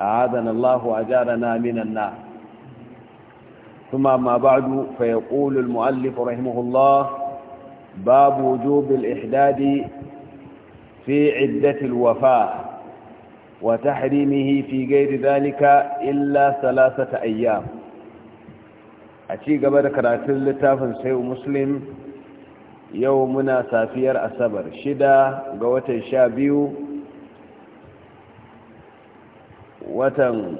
أعاذنا الله وأجارنا من النار ثم ما بعد فيقول المؤلف رحمه الله باب وجوب الإحداد في عدة الوفاة وتحريمه في غير ذلك إلا ثلاثة أيام أتي قبل كرات اللتاف سيو مسلم يومنا سافير أسبر شدا قوة الشابيو watan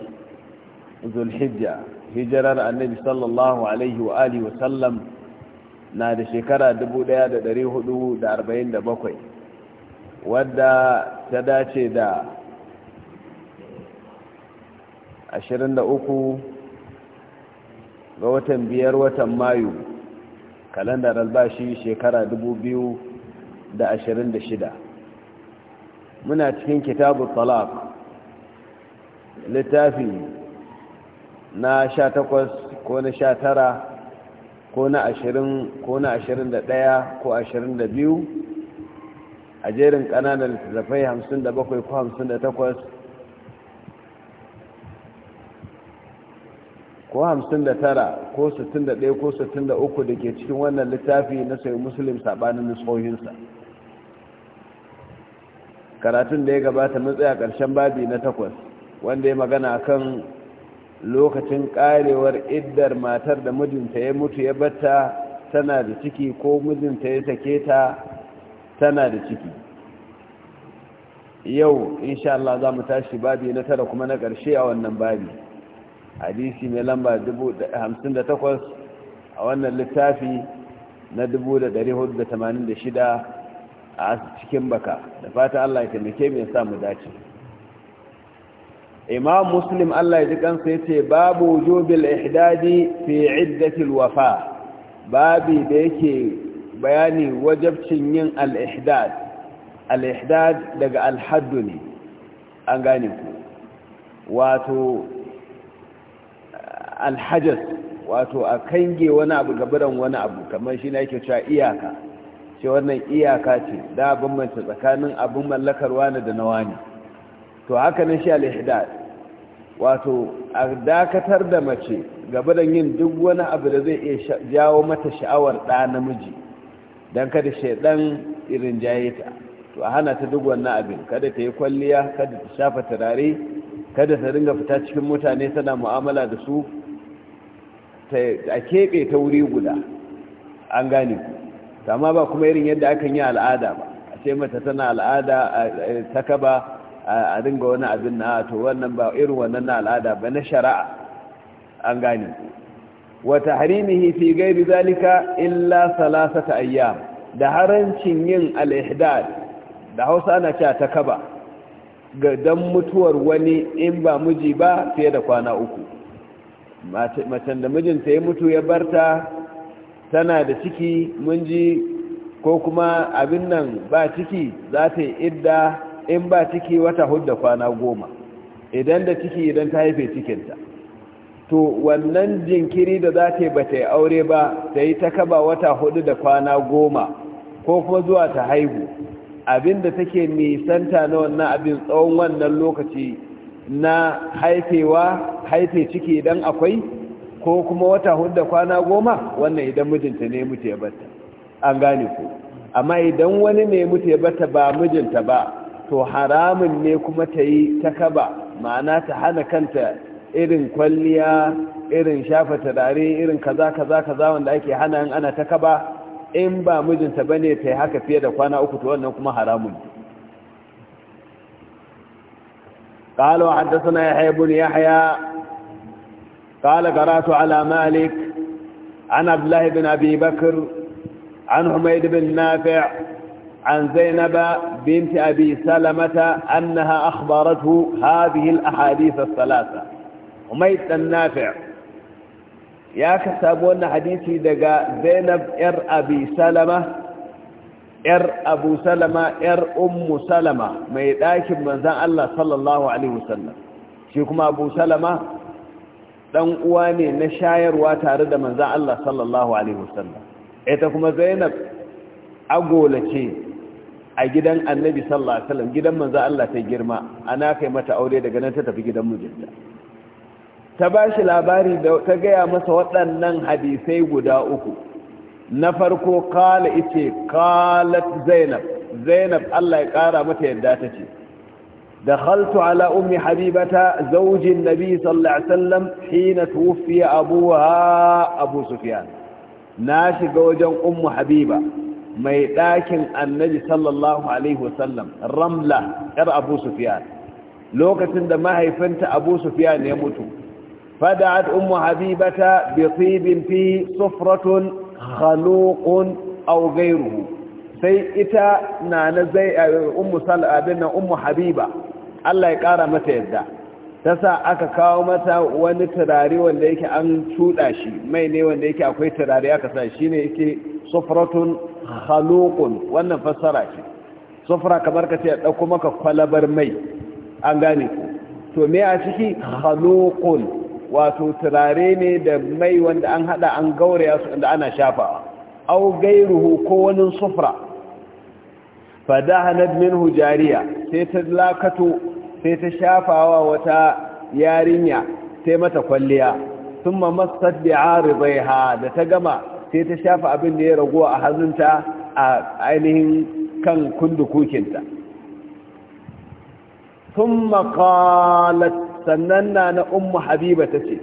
zulhijja hijirar annabi sallallahu alaihi wa alihi wasallam na da shekara 1447 wadda ta dace da 23 ga watan biyar watan mayu kalandar albashi shekara 2026 muna cikin kitabu talaq littafi na sha takwas ko na sha tara ko na ashirin ko na ashirin da ɗaya ko ashirin da biyu a jerin ƙananan littattafai hamsin da bakwai ko hamsin da takwas ko hamsin da tara ko sittin da ɗaya ko sittin da uku da ke cikin wannan littafi na sai musulun saɓanin nusohinsa karatun da ya gabata matsaya ƙarshen babi na takwas wanda ya magana kan lokacin karewar iddar matar da mijinta ya mutu ya batta tana da ciki ko mijinta ya sake ta tana da ciki yau insha Allah za mu tashi babi na tara kuma na ƙarshe a wannan babi hadisi mai lamba 58 a wannan littafi na 486 a cikin baka da fata Allah ya taimake mu ya samu dace imam muslim Allah ya ji kansa yace babu wujubil ihdadi fi iddati alwafa babi da yake bayani wajabcin yin al-ihdad al-ihdad daga al-hadd ne an gane ku wato al-hajas wato a kange wani abu gabaran wani abu kamar shi ne yake cewa iyaka ce wannan iyaka ce da bambance tsakanin abun mallakarwa ne da nawa ne to haka na shi al-ihdad wato a dakatar da mace gaba da yin duk wani abu da zai iya jawo mata sha'awar ɗa namiji don kada shaidan irin jaye to a hana ta duk wannan abin kada ta yi kwalliya kada ta shafa turare kada ta ringa fita cikin mutane tana mu'amala da su a keɓe ta wuri guda an gane ku amma ba kuma irin yadda aka yi al'ada ba a ce mata tana al'ada ta kaba a ringa wani abin na to wannan ba irin wannan na al'ada ba na shari'a an gane wa tahrimihi fi ghairi zalika illa salasata ayyam da harancin yin al da Hausa ana cewa ta kaba ga dan mutuwar wani in ba miji ba fiye da kwana uku macen da mijinta ya mutu ya barta tana da ciki mun ji ko kuma abin nan ba ciki za ta yi idda in ba ciki wata hudda kwana goma idan da ciki idan ta haife cikinta to wannan jinkiri da za ta yi ba ta yi aure ba ta yi ta kaba wata hudu da kwana goma ko kuma zuwa ta haihu abinda take nisanta na wannan abin tsawon wannan lokaci na haifewa haife ciki idan akwai ko kuma wata hudu da kwana goma wannan idan mijinta ne mutu ya bata an gane ku amma idan wani ne mutu ya bata ba mijinta ba to haramun ne kuma ta yi ta kaba ma'ana ta hana kanta irin kwalliya irin shafa turare irin kaza kaza kaza wanda ake hana yin ana ta kaba in ba mijinta ba ne ta yi haka fiye da kwana uku to wannan kuma haramun قال وحدثنا يحيى بن يحيى قال قرات على مالك عن عبد الله بن ابي بكر عن حميد بن نافع عن زينب بنت أبي سلمة أنها أخبرته هذه الأحاديث الثلاثة وميت النافع يا كسابون حديثي دقاء زينب إر أبي سلمة إر أبو سلمة إر أم سلمة ميتاك من ذا الله صلى الله عليه وسلم شيكم أبو سلمة ɗan uwa ne na shayarwa tare da manzan Allah sallallahu Alaihi wasallam ita kuma zainab agola ce a gidan annabi sallallahu alaihi wasallam gidan manzo Allah ta girma ana kai mata aure daga nan ta tafi gidan mijinta ta bashi labari da ta gaya masa waɗannan hadisai guda uku na farko kala ice kalat zainab zainab Allah ya ƙara mata yadda ta ce da khaltu ala ummi habibata zaujin nabi sallallahu alaihi wasallam hina tuwfiya abuha abu sufyan na shiga wajen ummu habiba mai ɗakin annabi sallallahu alaihi wasallam ramla ‘yar abu Sufiyar lokacin da mahaifinta abu Sufiyar ya mutu fada ummu habibata bi tibin fi sufratun khaluqun aw sai ita na na zai eh, ummu na ummu habiba Allah ya kara mata yadda ta sa aka kawo mata wani turare wanda yake an cuɗa shi mai ne wanda yake akwai turare aka sa shi ne yake sufratun khalukun wannan fassara ce sufra kamar ka ce a ɗauko maka kwalabar mai an gane ku to me a ciki khalukun wato turare ne da mai wanda an hada an gauraya su inda ana shafawa au gairuhu ko wani sufra fadahanat minhu jariya sai ta lakato sai ta shafawa wata yarinya sai mata kwalliya sun ma bi'aridaiha da ta gama sai ta shafa abin da ya ragu a hannunta a ainihin kan kundukukinta sun makalat sannan na na ummu habiba ta ce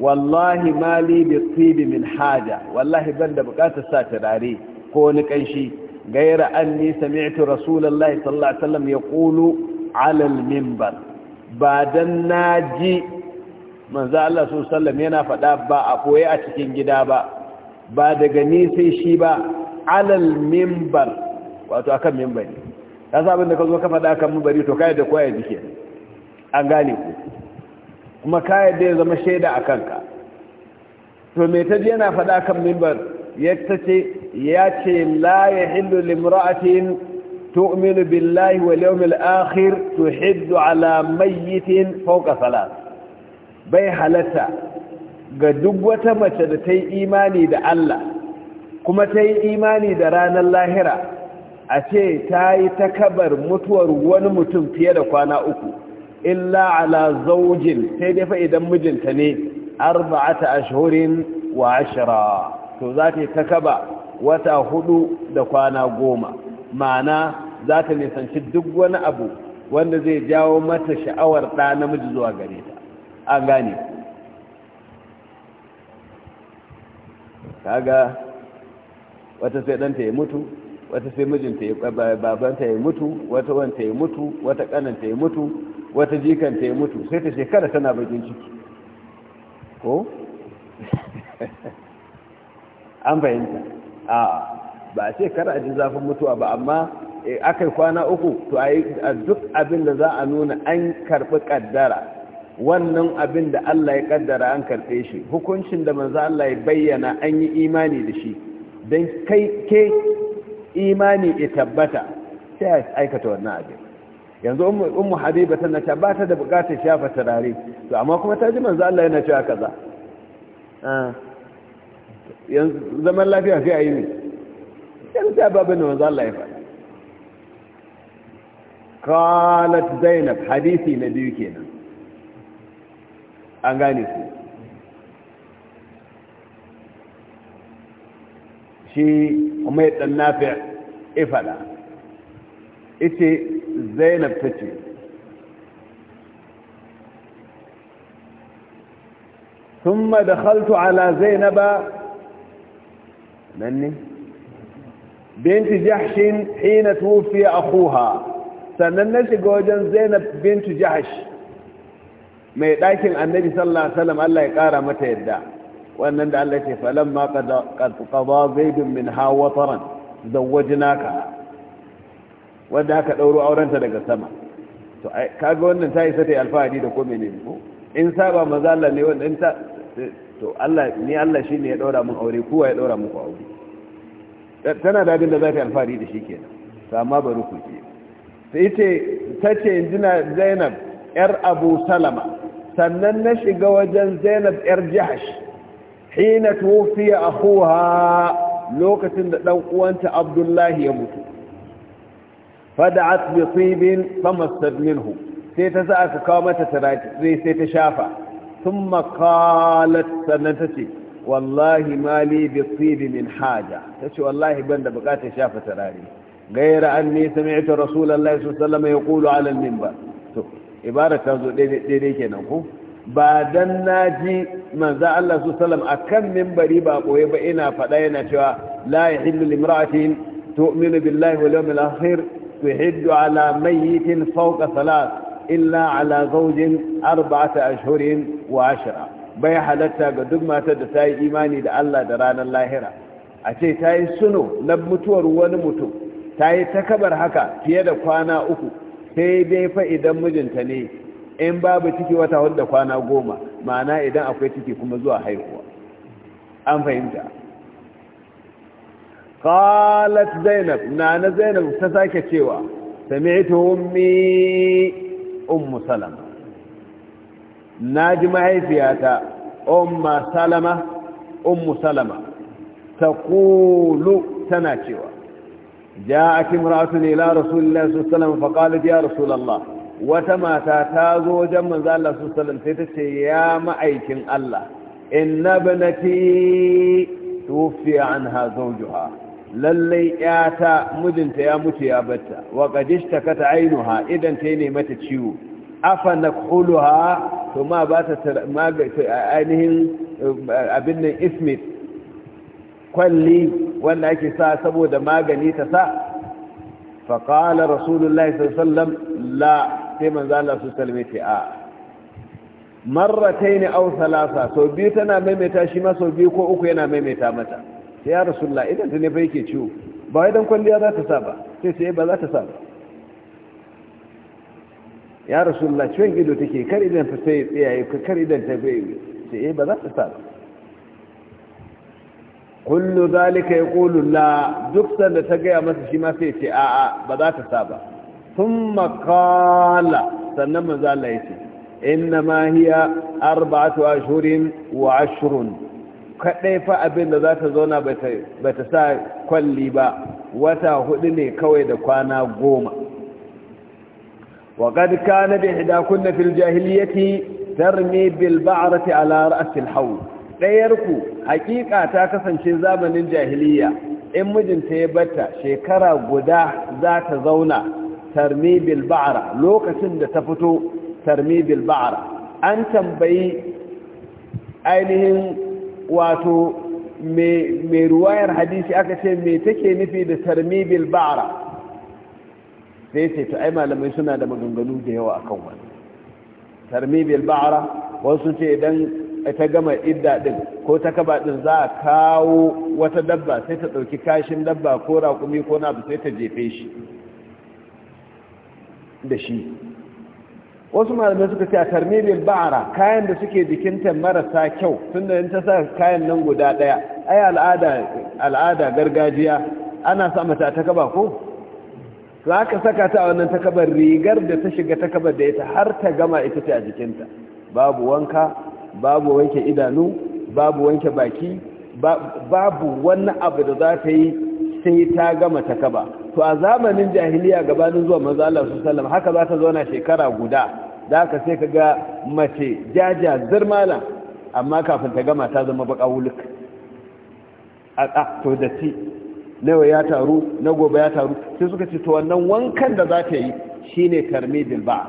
wallahi mali bi tsibi min haja wallahi ban da bukatar sa turare ko wani kanshi gaira an ni sami'tu rasulullahi sallallahu ya wasallam yaqulu mimbar. ba dan naji Allah sallallahu yana faɗa ba a koye a cikin gida ba ba daga ni shi ba alal mimbar wato akan mimbari ta sabon da ka zo ka faɗa akan mimbari to kayan da kwaya jike an gane ku kuma kayan da ya zama shaida a kanka to mai ta ji yana faɗa akan mimbar ya ta ce ya ce la ya hillu limra'atin tu'minu billahi wal yawmil akhir tuhiddu ala mayyitin fawqa salat bai halatta ga duk wata mace da ta yi imani da Allah kuma ta yi imani da ranar lahira a ce ta yi takabar mutuwar wani mutum fiye da kwana uku illa ala zaujin sai dai idan mijinta ne arba'ata ashhurin wa ashra to za ta yi takaba wata hudu da kwana goma ma'ana za ta nisanci duk wani abu wanda zai jawo mata sha'awar ɗa namiji zuwa gare ta an gane kaga wata sai ɗanta ya mutu wata sai mijinta ya babanta ya mutu wata wanta ya mutu wata ƙananta ya mutu wata jikanta ya mutu sai ta shekara tana bakin ciki ko an fahimta a ba a shekara a jin zafin mutuwa ba amma eh, akai kwana uku to a duk abin da za a nuna an karɓi ƙaddara wannan abin da Allah ya kaddara an karɓe shi hukuncin da manzo Allah ya bayyana an yi imani da shi don kai ke imani ya tabbata sai a aikata wannan abin yanzu ummu habiba tana ta ba ta da bukatar shafa turare to amma kuma ta ji manzo Allah yana cewa kaza ah. yanzu zaman lafiya sai a yi ne yanzu ta babu ne manzo Allah ya faɗa قالت زينب حديثي biyu kenan. an gane su shi mai dan nafi ifada ita zainab ta ce sun ma da haltu ala zainaba nan ne binti jahshin hina tufi akuha sannan na shiga wajen zainab binti jahshin mai ɗakin annabi sallallahu alaihi wasallam Allah ya ƙara mata yadda wannan da Allah ya ce falan ma qada zaidun min ha wataran zawwajnaka wanda aka dauro aurenta daga sama to kaga wannan ta isa ta alfahari da komai ne ko in saba maza Allah ne wannan ta to Allah ni Allah shine ya daura mun aure kuwa ya daura muku aure tana da abin da zai alfahari da shi kenan to amma bari ku ce sai ce tace injina Zainab yar Abu Salama sannan na shiga wajen zainab yar jahash hina tufiya akhuha lokacin da ɗan uwanta abdullahi ya mutu fada'at bi tibin famastad minhu sai ta za ka kawo mata tarati sai ta shafa thumma qalat sannan ta ce wallahi mali bi tibi min haja tace wallahi ban da bukatar shafa tarari gaira anni sami'tu rasulullahi sallallahu alaihi wasallam yaqulu ala al min ba. ibara ta zo daidai kenan ko ba dan naji manzo Allah su sallam akan minbari ba koye ba ina faɗa yana cewa la yahillu limra'atin tu'minu billahi wal yawmil akhir tuhiddu ala mayyitin fawqa salat illa ala zawjin arba'ata ashhurin wa ashra bai halatta ga duk matar da ta yi imani da Allah da ranar lahira a ce ta yi suno na mutuwar wani mutum ta yi takabar haka fiye da kwana uku sai dai fa idan mijinta ne in babu ciki wata wadda kwana goma ma'ana idan akwai ciki kuma zuwa haihuwa an fahimta qalat zainab nana zainab ta sake cewa sami'tu ummi ummu salama naji mahaifiyata umma salama ummu salama taqulu tana cewa جاءت امرأة إلى رسول الله صلى الله عليه وسلم فقالت يا رسول الله وتما تاتازو جمع ذا الله صلى الله عليه وسلم تتشي يا معيكن الله إن ابنتي توفي عنها زوجها للي اعتا مدنت يا متي يا بتا وقد اشتكت عينها إذا تيني متى تشيو أفنكحلها ثم باتت أينهم أبن إثمت kwalli wanda ake sa saboda magani ta sa faƙala rasulullahi sallallahu la sai manzo Allah su salme ce a marratai ne au salasa sau biyu tana maimaita shi ma sau biyu ko uku yana maimaita mata sai ya rasulullah idan ta ne fa yake ciwo ba idan kwalliya za ta sa ba sai sai eh, ba za ta sa ba ya rasulullah ciwon ido take kar idan ta sai tsaye kar idan ta bai sai eh, ba za ta sa ba kullu zalika yaqulu la duk sanda ta gaya masa shi ma sai ce a'a ba za ta saba thumma qala sannan manzo Allah yace inna ma hiya arba'atu ashhurin wa ashrun kadai fa abin da za ta zauna ba ta sa kwalli ba wata hudu ne kawai da kwana goma wa qad kana bi ihdakunna fil jahiliyyati tarmi bil ba'rati ala ra'si al hawl ɗayarku hakika ta kasance zamanin jahiliya in mijinta ya bata shekara guda za ta zauna tarmi bil lokacin da ta fito tarmi bil an tambayi ainihin wato mai ruwayar hadisi aka ce me take nufi da tarmi bil ba'ara sai ce ta ai malamai suna da maganganu da yawa a kan wani tarmi bil wasu ce idan ta gama idda din ko ta kaba din za a kawo wata dabba sai ta ɗauki kashin dabba ko raƙumi ko na sai ta jefe shi da shi wasu malamai suka ce a tarmilin ba'ara kayan da suke jikinta marasa kyau tun da yin ta sa kayan nan guda ɗaya ai al'ada gargajiya ana sa mata ta kaba ko za ka saka ta a wannan takabar rigar da ta shiga takabar da ita har ta gama ita ce a jikinta babu wanka babu wanke idanu babu wanke baki babu wani abu da za ta yi sai ta gama ta kaba to a zamanin jahiliya gabanin zuwa manzo Allah sallallahu haka za ta zauna shekara guda da ka sai ka ga mace jaja zirmala amma kafin ta gama ta zama baka wuluk a to da ci nawa ya taru na gobe ya taru sai suka ce to wannan wankan da za ta yi shine tarmidil ba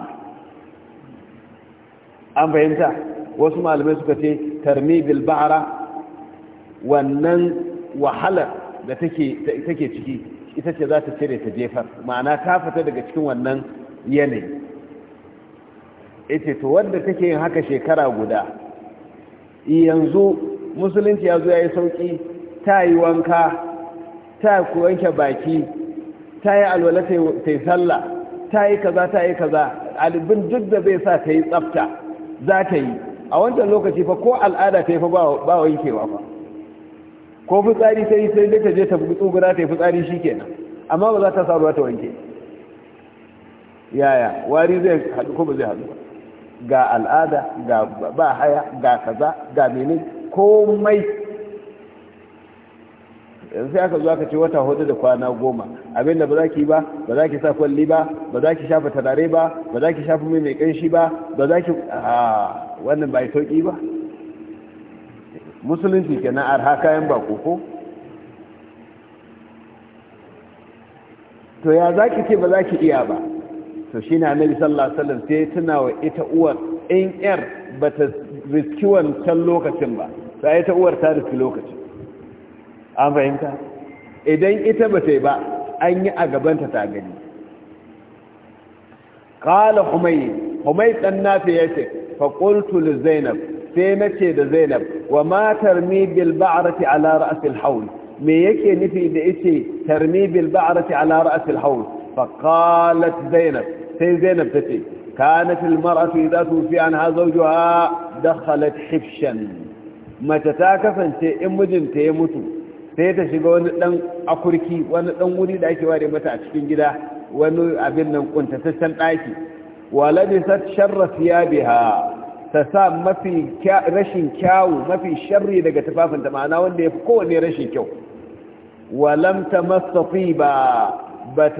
an fahimta wasu malamai suka ce tarmi bil ba'ra wannan wahala da take take ciki ita ce za ta cire ta jefar ma'ana ta fita daga cikin wannan yanayi ita to wanda take yin haka shekara guda yanzu musulunci ya zo ya yi sauƙi ta yi wanka ta ku wanke baki ta yi alwala ta yi sallah ta yi kaza ta yi kaza albin duk da zai sa ta yi tsafta za ta yi a wancan lokaci fa ko al'ada ta yi fa ba wa yankewa fa ko fitsari sai sai dai ta je ta tsugura ta yi fitsari shi kenan amma ba za ta saruwa ta wanke yaya wari zai haɗu ko ba zai haɗu ga al'ada ga ba haya ga kaza ga mene komai yanzu sai aka zo aka ce wata hudu da kwana goma abinda ba za ki ba ba za ki sa kwalli ba ba za ki shafa tarare ba ba za ki shafa mai mai kanshi ba ba za ki a wannan bai sauki ba musulunci ke na arha kayan bako ko to ya za ki ce ba za ki iya ba to shi na nabi sallallahu alaihi wasallam sai tuna wa ita uwar in yar ba ta riski wancan lokacin ba sai ita uwar ta riski lokacin an fahimta idan ita ba ta yi ba an yi a gabanta ta gani qala humayr humayr dan nafi yace faƙultu zainab sai na ce da zainab wa ma tarmi bil ba'rati ala ra'sil hawl me yake nufi da yace tarmi bil ba'rati ala ra'sil hawl fa qalat zainab sai zainab tace kanat al mar'atu idha tufi anha zawjuha dakhalat hifshan Mace ta kasance in mijinta ya mutu sai ta shiga wani ɗan akurki wani ɗan wuri da ake ware mata a cikin gida wani abin nan kuntataccen daki walabisat sharra thiyabiha ta sa mafi rashin kyawu mafi sharri daga tufafinta ma'ana wanda ya fi kowane rashin kyau walam ta ba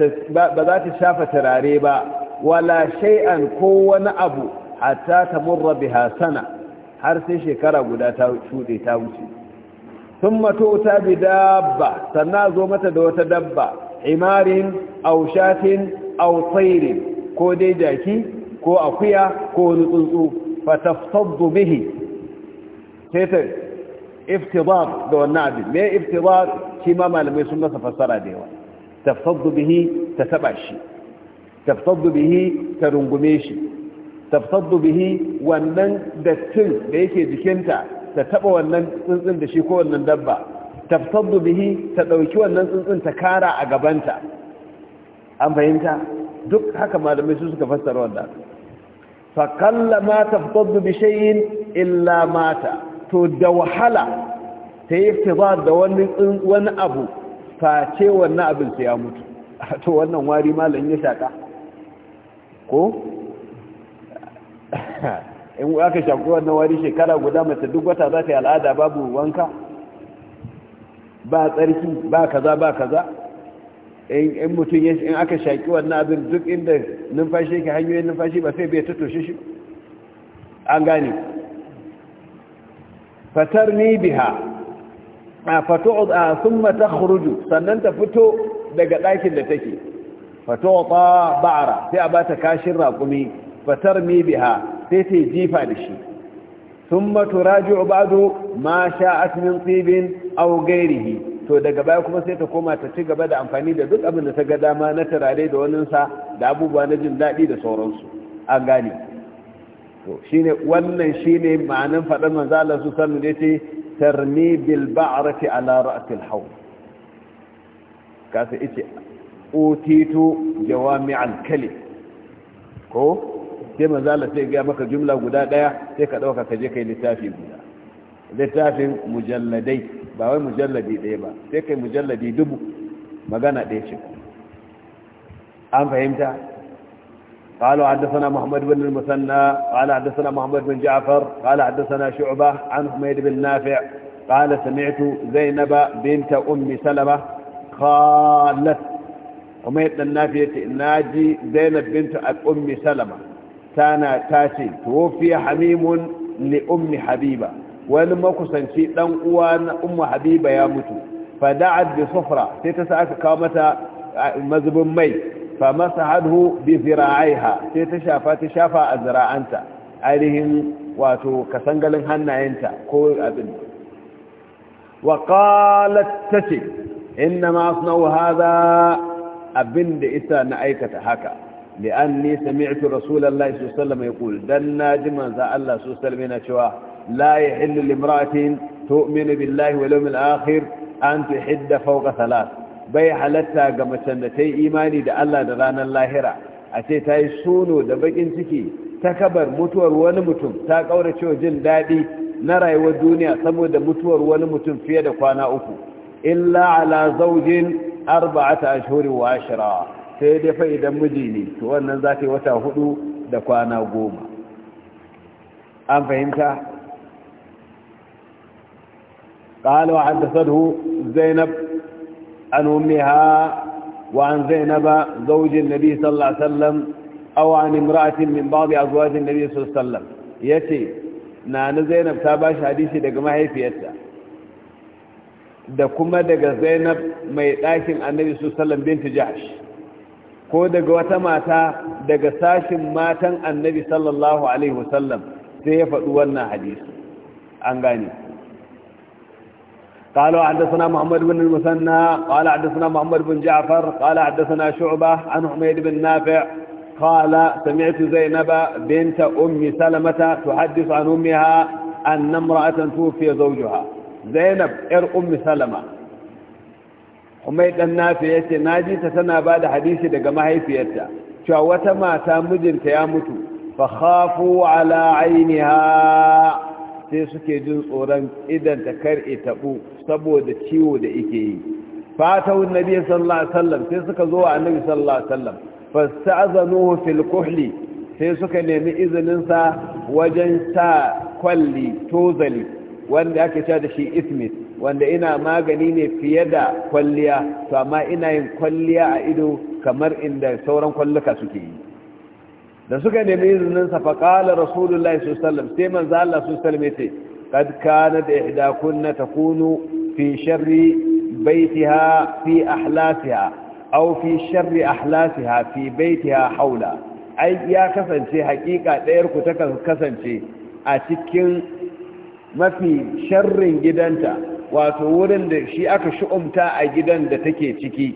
za ta shafa turare ba wala shay'an ko wani abu hatta ta murra biha sana har sai shekara guda ta shuɗe ta wuce sun mato ta bi dabba sannan zo mata da wata dabba imarin aushatin autairin ko dai jaki ko akuya ko wani tsuntsu fataftaddu bihi sai ta iftibar da wannan abin me iftibar shi ma malamai sun masa fassara da yawa taftaddu bihi ta taba shi taftaddu bihi ta rungume shi taftaddu bihi wannan dattin da yake jikinta ta taba wannan tsuntsun da shi ko wannan dabba taftaddu bihi ta dauki wannan tsuntsun ta kara a gabanta an fahimta duk haka malamai su suka fassara wanda fa ma taftadu bi shay'in illa mata to da wahala ta yi da wani wani abu face wannan abin sai ya mutu to wannan wari malamin ya shaka ko in aka shaku wannan wari shekara guda mace duk wata za ta yi al'ada babu wanka ba tsarki ba kaza ba kaza in mutum ya in aka shaƙi wannan abin duk inda numfashi yake hanyoyin numfashi ba sai bai ta toshe shi an gane fatar ni biha a fato a sun mata huruju sannan ta fito daga ɗakin da take fato ta ba'ara sai a ba ta kashin raƙumi fatar ni biha sai ta jifa da shi sun matu raji'u ba'adu ma sha'at min tsibin au gairihi to daga baya kuma sai ta koma ta ci gaba da amfani da duk abin da ta ga dama na turare da waninsa da abubuwa na jin daɗi da sauransu an gane to shine wannan shine ma'anin faɗin manzo Allah su sallu ne ce tarmi bil ba'rati ala ra'sil hawl kasa ice utitu jawami'al kalim ko sai Manzala sai ga maka jumla guda daya sai ka dauka ka je kai littafi guda littafin mujalladai ba wai mujalladi ɗaya ba sai kai mujalladi dubu magana ɗaya ce an fahimta قالوا حدثنا محمد بن المثنى قال حدثنا محمد بن جعفر قال حدثنا شعبة عن حميد بن نافع قال سمعت زينب بنت أم سلمة قالت حميد بن نافع ناجي زينب بنت أم سلمة كان تاسي توفي حميم لأم حبيبة wani makusanci dan uwa na Umma habiba ya mutu fada'at bi sufra sai ta saka kawo mata mazubin mai fa masahadhu bi zira'iha sai ta shafa ta shafa a zira'anta ainihin wato kasangalin hannayenta ko abin wa qalat tati inna asnau hadha abin da isa na aikata haka li'anni sami'tu rasulullahi sallallahu alaihi wasallam yaqul dan naji manzo Allah sallallahu alaihi wasallam yana cewa لا يحل لامرأة تؤمن بالله واليوم الآخر أن hidda-fauka ثلاث bai halatta ga macen da ta yi imani da Allah da ranar lahira a ce ta yi suno da bakin ciki ta kabar mutuwar wani mutum ta kauracewa jin daɗi na rayuwar duniya saboda mutuwar wani mutum fiye da kwana uku illa ala zaujin ta ashhuri wa ashra sai dai fa idan miji ne to wannan zata ta yi wata hudu da kwana goma an fahimta قال وحدثته زينب عن أمها وعن زينب زوج النبي صلى الله عليه وسلم أو عن امرأة من بعض أزواج النبي صلى الله عليه وسلم يتي نان زينب تاباش حديثي دقما هي في يتا دقما دق زينب ما يتاكم النبي صلى الله عليه وسلم بنت جعش كو دق وتماتا دق ساش ماتا النبي صلى الله عليه وسلم سيفت ونا حديث عن غانيه قالوا حدثنا محمد بن المثنى قال حدثنا محمد بن جعفر قال حدثنا شعبة عن حميد بن نافع قال سمعت زينب بنت أم سلمة تحدث عن أمها أن امرأة توفي زوجها زينب إر أم سلمة حميد النافع يتي ناجي تتنا بعد حديث دقما هي فيتا شاوة ما تامجن تيامتو فخافوا على عينها sai suke jin tsoron idan ta kar tabu saboda ciwo da yake yi fatawun nabi sallallahu alaihi wasallam sai suka zo a annabi sallallahu alaihi wasallam fasta'zanuhu fil kuhli sai suka nemi izinin sa wajen sa kwalli tozali wanda ake cewa da shi ismit wanda ina magani ne fiye da kwalliya to amma ina yin kwalliya a ido kamar inda sauran kwalluka suke yi da suka nemi izinin sa fa qala rasulullahi sallallahu alaihi wasallam sai sallallahu alaihi yace kad kanat takunu fi sharri baitiha fi ahlasiha aw fi sharri ahlasiha fi baitiha haula ai ya kasance hakika ɗayar ku ta kasance a cikin mafi sharrin gidanta wato wurin da shi aka shi'umta a gidan da take ciki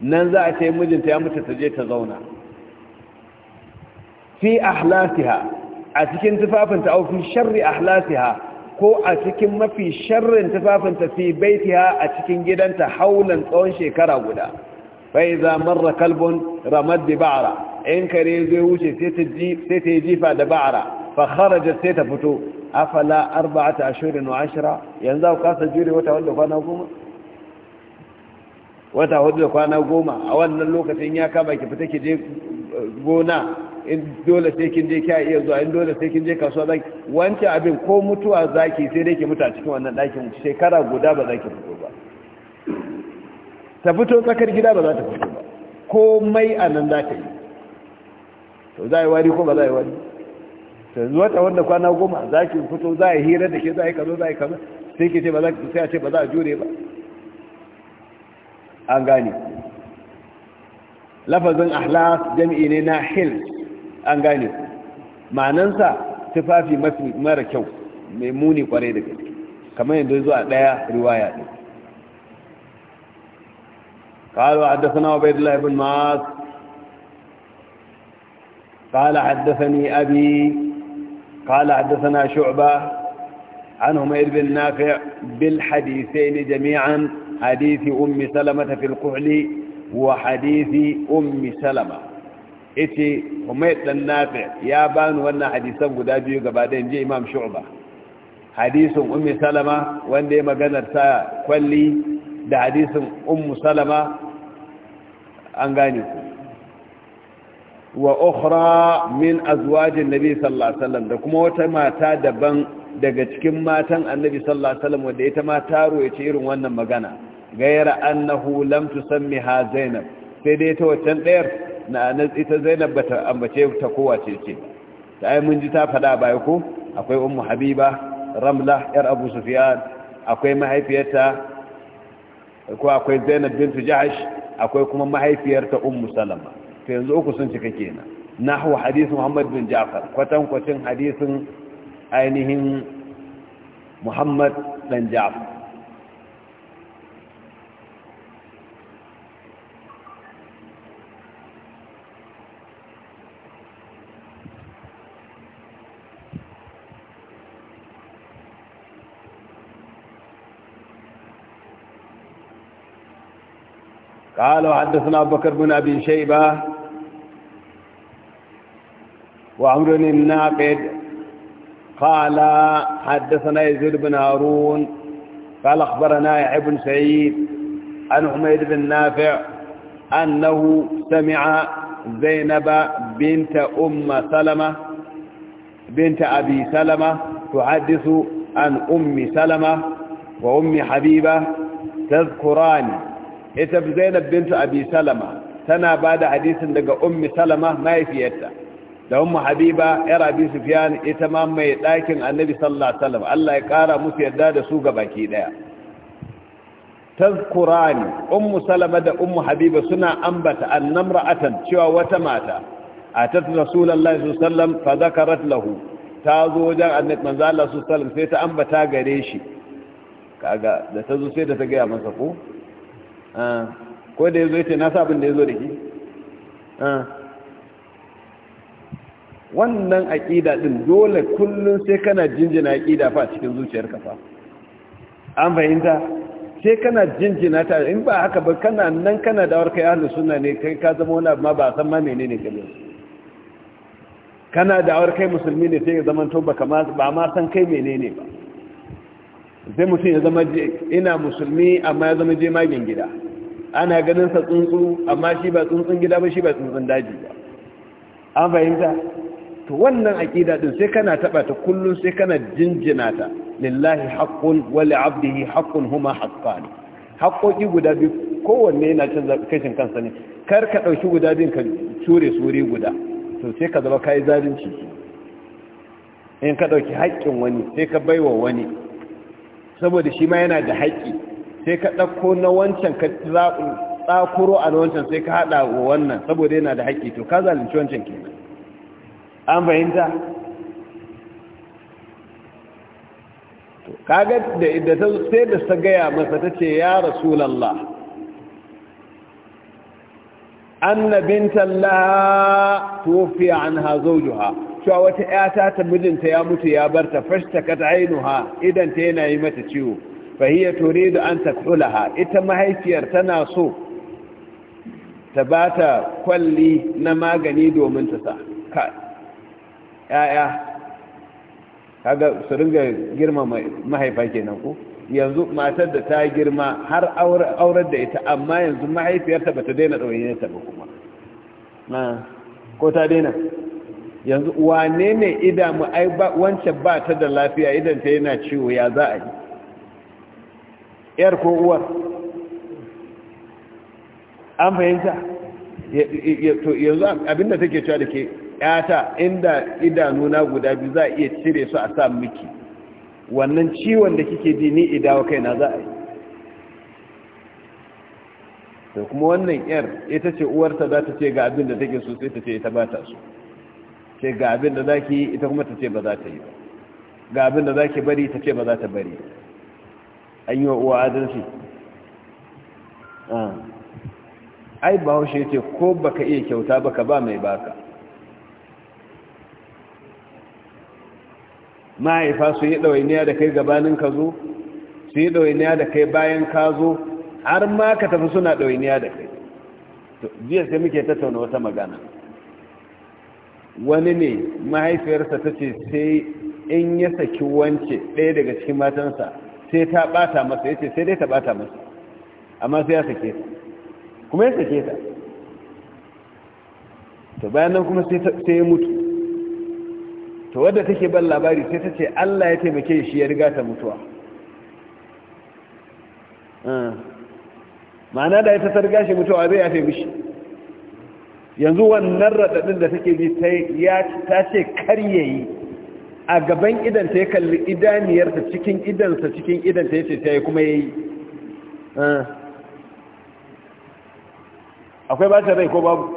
nan za a ce mijinta ya mutu ta je ta zauna fi ahlasiha a cikin tufafinta au fi sharri ahlasiha ko a cikin mafi sharrin tufafinta fi baitiha a cikin gidanta haulan tsawon shekara guda bai za marra kalbun ramad da ba'ara in kare zai wuce sai ta yi jifa da ba'ara fa kharaja sai ta fito afala arba'ata ashirin wa ashira yanzu ku kasa jure wata wanda kwana goma wata hudu da kwana goma a wannan lokacin ya kama ki fita ki je gona in dole sai kin je ka iya zuwa in dole sai kin je kasuwa zaki wancan abin ko mutuwa zaki sai dai ke mutu a cikin wannan ɗakin shekara guda ba zaki fito ba ta fito tsakar gida ba za ta fito ba komai a nan za ta yi to za yi wari ko ba za yi wari ta zuwa ta wanda kwana goma za ki fito za yi hira da ke za yi kazo za yi kazo sai ke ce ba za ki sai a ce ba za a jure ba an gane lafazin ahlas jami'i ne na hill an gane manansa tufafi mafi mara kyau mai muni kwarai da gaske kamar yadda zuwa ɗaya riwaya din قال وحدثنا عبيد الله بن معاذ قال حدثني أبي قال حدثنا شعبة عن همير بن نافع بالحديثين جميعا حديث أم سلمة في القعل وحديث أم سلمة yace Umayr dan Nafi ya bani wannan hadisan guda biyu gaba da Imam Shu'ba hadisin Ummi Salama wanda ya maganar ta kwalli da hadisin Ummu Salama an gane ku wa ukhra min azwajin nabi sallallahu alaihi wasallam da kuma wata mata daban daga cikin matan annabi sallallahu alaihi wasallam wanda ita ma taro yace irin wannan magana gaira annahu lam tusammiha zainab sai dai ta wancan dayar na ita zainab bata ta ambace ta kowace ce ta ai mun ji ta faɗa baya ko akwai ummu habiba ramla yar abu sufyan akwai mahaifiyarta ko akwai zainab bintu jahash akwai kuma mahaifiyarta ummu salama to yanzu uku sun cika kenan nahwu hadith muhammad bin ja'far kwatan kwatin hadisin ainihin muhammad dan ja'far قال وحدثنا أبو بكر بن أبي شيبة وعمر الناقد قال حدثنا يزيد بن هارون قال أخبرنا يحيى بن سعيد عن حميد بن نافع أنه سمع زينب بنت أم سلمة بنت أبي سلمة تحدث عن أم سلمة وأم حبيبة تذكران ita zainab bintu abi salama tana ba da hadisin daga ummi salama mahaifiyarta da ummu habiba yar abi sufyan ita ma mai ɗakin annabi sallallahu alaihi wasallam Allah ya ƙara musu yarda da su ga baki daya tazkurani ummu salama da ummu habiba suna ambata annamra'atan cewa wata mata atat rasulullahi sallallahu alaihi wasallam fa lahu ta zo wajen annabi manzo Allah sallallahu alaihi wasallam sai ta ambata gare shi kaga da ta zo sai da ta ga masa ko Ah. ko da ya zo ce na sa abin da ya zo da shi ah. wannan aƙida ɗin dole kullum sai kana jinjina aƙida fa cikin zuciyar fa an fahimta sai kana jinjina ta in ba haka ba kana nan kana dawar kai ahlus sunna ne kai ka zama wani amma ba san ma menene kabe kana dawar kai musulmi ne sai ya zama to ba kama ba ma san kai menene ba sai mutum ya zama ina musulmi amma ya zama je magin gida ana ganin sa tsuntsu amma shi ba tsuntsun gida ba shi ba tsuntsun daji ba an fahimta to wannan aqida din sai kana taba ta kullun sai kana jinjina ta lillahi haqqun wa li 'abdihi haqqun huma haqqan haqqoki guda biyu kowanne yana cin kashin kansa ne kar ka dauki guda din ka ture sure guda to sai ka zama kai zalunci in ka dauki haƙƙin wani sai ka baiwa wani saboda shi ma yana da haƙƙi sai ka ɗauko na wancan ka tsakuro a na wancan sai ka haɗa wa wannan saboda yana da haƙƙi to ka zalunci wancan ke an fahimta kaga da sai da ta gaya masa ta ce ya rasulallah anna bintan laha an anha zawjuha cewa wata 'yata ta mijinta ya mutu ya barta fashta kat ainuha idan ta yana yi mata ciwo fahiyya turidu an tattulaha ita mahaifiyar tana so ta ba ta kwalli na magani domin ta sa ka ya'ya kaga su ringa girma mahaifa kenan ko yanzu matar da ta girma har aurar da ita amma yanzu mahaifiyar ba ta daina ɗauyin ta ba kuma ko ta daina yanzu wane ne idan wancan wance ba ta da lafiya idan ta yana ciwo ya za a yi yar ko uwar an fahimta yanzu abinda take cewa da ke yata inda idanuna guda biyu za a iya cire su a sa miki wannan ciwon da kike ji ni idawa kaina za a yi da kuma wannan yar ita ce uwarta za ta ce ga abin da take so sai ta ce ita ba ta so ce ga abin da za ki yi ita kuma ta ce ba za ta yi ba ga abin da za ki bari ta ce ba za ta bari an yi wa uwa adalci ah. ai bahaushe ce ko baka iya kyauta baka ba mai baka mahaifa su yi ɗawainiya da kai gabanin ka zo su yi ɗawainiya da kai bayan ka zo har ma ka tafi suna ɗawainiya da kai jiya sai muke tattauna wata magana wani ne mahaifiyarsa ta ce sai in ya saki wance ɗaya daga cikin matansa sai ta bata masa yace sai dai ta bata masa amma sai ya sake ta kuma ya sake ta to bayan nan kuma sai ya mutu to wadda take ban labari sai ta ce Allah ya taimake shi ya riga ta mutuwa ah. ma'ana da ita ta riga shi mutuwa zai yafe mishi yanzu wannan raɗaɗin da take ji ta ce karyayi a gaban idanta ya kalli idaniyarta cikin idansa cikin idanta ya ce ta yi kuma ya yi ah. akwai ba ta rai ko babu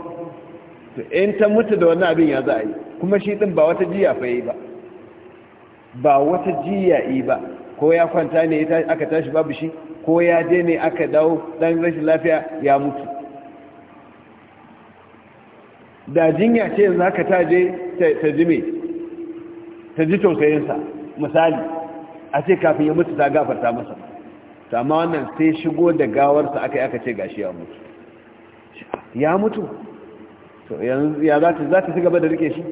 in ta mutu da wannan abin ya za a yi kuma shi ɗin ba wata jiya fa yi ba ba wata jiya yi ba ko ya kwanta ne aka tashi babu shi ko ya je ne aka dawo ɗan rashin lafiya ya mutu da jinya ce za ka ta ta jime ta ji tausayinsa misali a ce kafin ya mutu ta gafarta masa ta ma wannan sai shigo da gawarsa aka yi aka ce gashi ya mutu ya mutu to ya za ta gaba da rike shi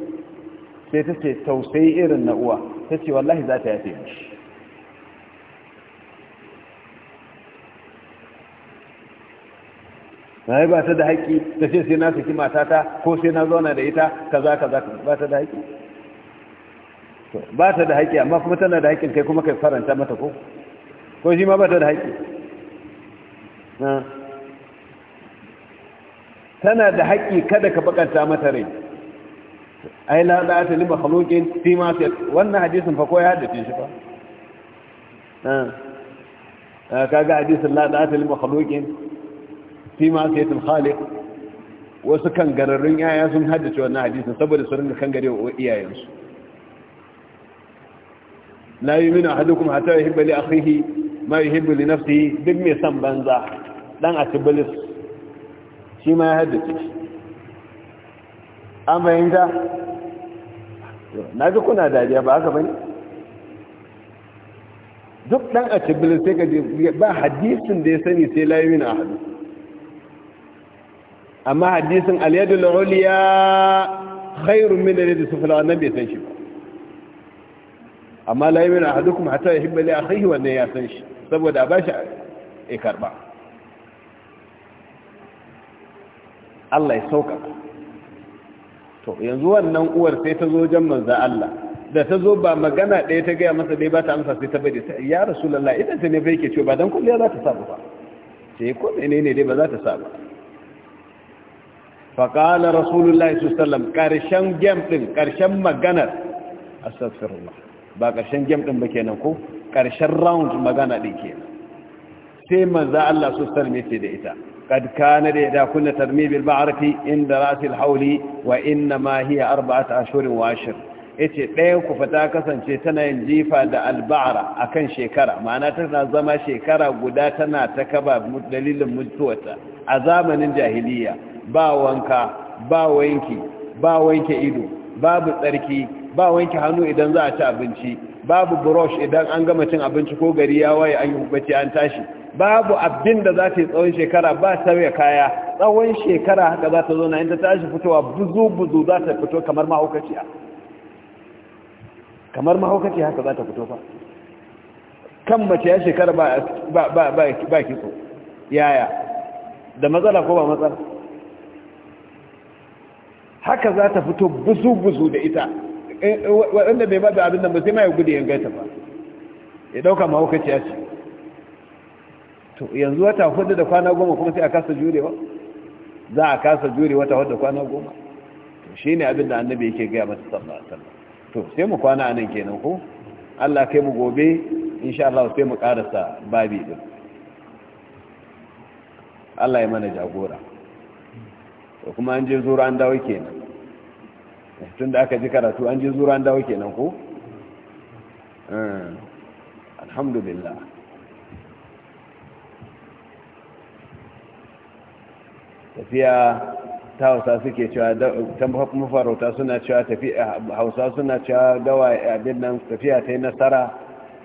sai ta ce tausayi irin na uwa ta ce wallahi za ta yafe shi, na yi ba ta da haƙƙi ta ce sai na saki matata ko sai na zauna da ita kaza kaza ba ta da haƙƙi ba ta da haƙƙi amma kuma tana da haƙƙin kai kuma kai faranta mata ko ko shi ma ba ta da haƙƙi tana da haƙƙi kada ka bakanta mata rai ai la da ta lima khuluqin fi ma wannan hadisin fa ko ya da shi fa ah, kaga hadisin la da ta lima khuluqin fi ma sai khaliq wasu gararrun yaya sun haddace wannan hadisin saboda su ringa kangarewa iyayensu la kuma hata hatta yuhibba a akhihi ma yi yuhibbu na fi duk mai san banza dan atibilis shi ma ya ce an bayyanta na ji kuna dariya ba haka bane duk dan atibilis sai ka ba hadisin da ya sani sai la yu'minu ahadukum amma hadisin al-yadul ulya khairun min al-yadi na bai san shi ba amma la yu'minu ahadukum hatta yuhibba li akhihi wannan ya san shi saboda ba shi ya karba Allah ya sauka to yanzu wannan uwar sai ta zo jan manzo Allah da ta zo ba magana ɗaya ta gaya masa dai ba ta amsa sai ta bari sai ya rasulullah idan ta ne fa yake cewa ba dan kulliya za ta sabu ba sai ko ne dai ba za ta sabu fa qala rasulullahi Sallam ƙarshen gem ɗin, ƙarshen din karshen maganar astaghfirullah ba ƙarshen game ɗin ba kenan ko ƙarshen round magana ɗin kenan sai manza Allah su salme ce da ita قد كان ba'arfi inda rasil hauli wa inna الحول وإنما هي أربعة أشهر وعشر ita ɗaya ku fata kasance tana yin jifa da albara a kan shekara ma'ana tana zama shekara guda tana ta kaba dalilin mutuwata a zamanin jahiliya ba wanka ba wanki ba wanke ido babu tsarki ba wanke hannu idan za a ci abinci babu brush idan an gama cin abinci ko gari ya waye an yi bacci an tashi babu abin da za ta yi tsawon shekara ba sauya kaya tsawon shekara haka za ta zo na inda tashi fitowa buzu buzu za ta fito kamar mahaukaci. kamar mahaukaci haka za ta fito fa kan mace ya shekara ba ba ba ba kitso yaya da matsala ko ba matsala haka za ta fito buzu buzu da ita wanda bai bada abin nan ba sai ma ya gudu ya gaita ba ya dauka mahaukaciya ce to yanzu wata hudu da kwana goma kuma sai a kasa jurewa za a kasa jure wata hudu da kwana goma to shi ne abin da annabi yake gaya masa sallah a wasallam to sai mu kwana anan kenan ko Allah kai mu gobe insha Allah sai mu karasa babi ɗin Allah ya mana jagora to kuma an je zura an dawo kenan tun da aka ji karatu an ji zura an dawo kenan ko eh, alhamdulillah tafiya ta hausa suke cewa ta mafarauta suna cewa tafiya eh, hausa suna cewa gawa abin nan tafiya ta yi nasara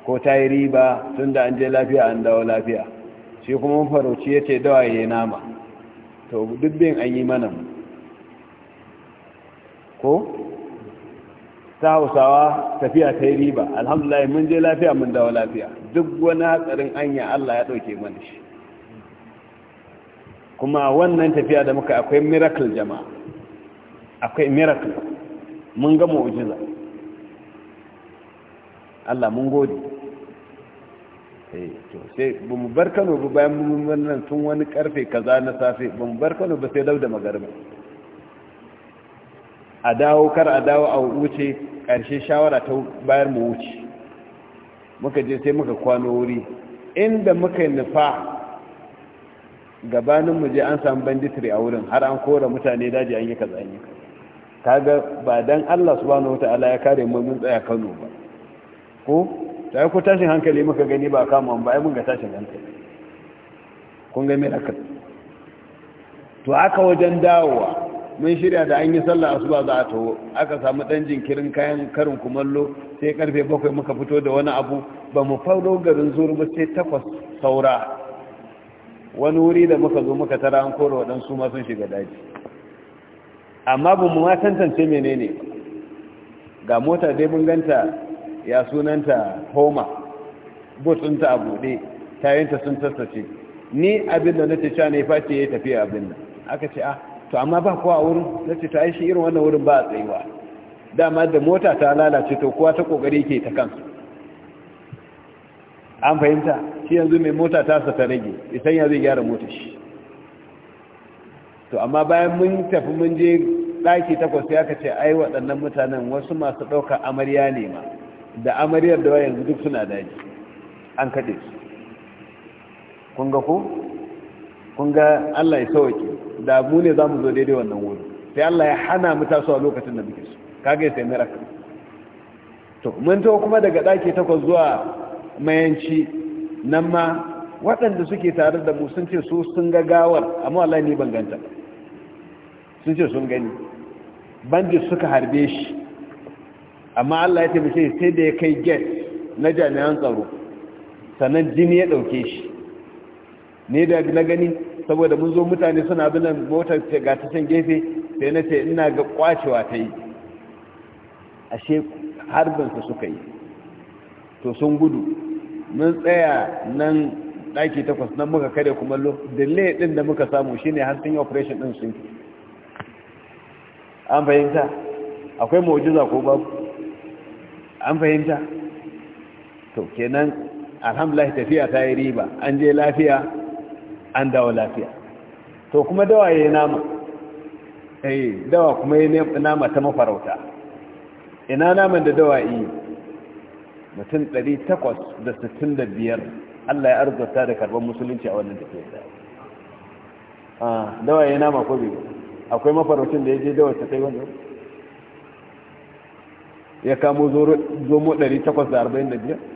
ko ta yi riba tun da an je lafiya an dawo lafiya shi kuma mafarauci ya ce dawa ya yi nama to dubbin an yi mana mu ko ta hausawa tafiya ta yi riba alhamdulahi mun je lafiya mun dawo lafiya duk wani hatsarin anya Allah ya ɗauke mana shi kuma wannan tafiya da muka akwai miracle jama'a akwai miracle mun ga mu'ujiza Allah mun gode eh to sai bamu bar Kano bu bayan mun wannan tun wani karfe kaza na safe bamu bar Kano ba sai dauda magarba a dawo kar a dawo a wuce ƙarshe shawara ta bayar mu wuce muka je sai muka kwano wuri inda muka nufa gabanin muje je an samu banditri a wurin har an kora mutane daji an yi kaza an yi kaga ba dan Allah subhanahu wataala ya kare mu mun tsaya Kano ba ko sai ko tashin hankali muka gani ba kama ba ai mun ga tashin hankali kun ga me haka to aka wajen dawowa mun shirya da an yi sallah asuba za a taho aka samu dan jinkirin kayan karin kumallo sai karfe bakwai muka fito da wani abu ba mu faɗo garin zuru ba sai takwas saura wani wuri da muka zo muka tara an kora waɗansu ma sun shiga daji amma ba mu ma tantance menene ga mota dai mun ganta ya sunanta homa butsunta a buɗe tayinta sun tattace ni abin da na ce sha ne face ya tafiya abin nan aka ce ah to amma ba kowa wurin na ce ta aishi irin wannan wurin ba a tsayuwa dama da mota ta lalace to kowa ta kokari ke ta kansu an fahimta shi yanzu mai mota ta sa ta rage isan ya zai gyara mota shi to amma bayan mun tafi mun je ɗaki takwas ya ka ce ai waɗannan mutanen wasu masu ɗaukar amarya ne ma da amaryar da yanzu duk suna daji an kaɗe su kun ga ku? kun ga allah ya sauke da mu ne za mu zo daidai wannan wuri sai Allah ya hana mu tasowa lokacin da muke so kage sai miracle to mun to kuma daga daki takwas zuwa mayanci nan ma waɗanda suke tare da mu sun ce su sun ga gawar amma wallahi ni ban ganta sun ce sun gani bandit suka harbe shi amma Allah ya taimaki sai da ya kai get na jami'an tsaro sannan jini ya ɗauke shi ne da na gani saboda mun zo mutane suna binan motar ce ga ta can gefe sai na ce ina ga kwacewa ta yi ashe su suka yi to sun gudu mun tsaya nan daki takwas nan muka kare kumallo delay ɗin da muka samu shine har sun operation ɗin sun an fahimta akwai mu'jiza ko babu an fahimta to kenan alhamdulillah tafiya ta yi riba an je lafiya an dawo lafiya to kuma dawa ya nama eh dawa kuma ya nama ta mafarauta ina naman da dawa yi mutum 865 Allah ya arzuta da karban musulunci a wannan tafiya da ah dawa ya nama ko bi akwai mafarautun da ya je dawa ta kai wannan ya kamo zomo 845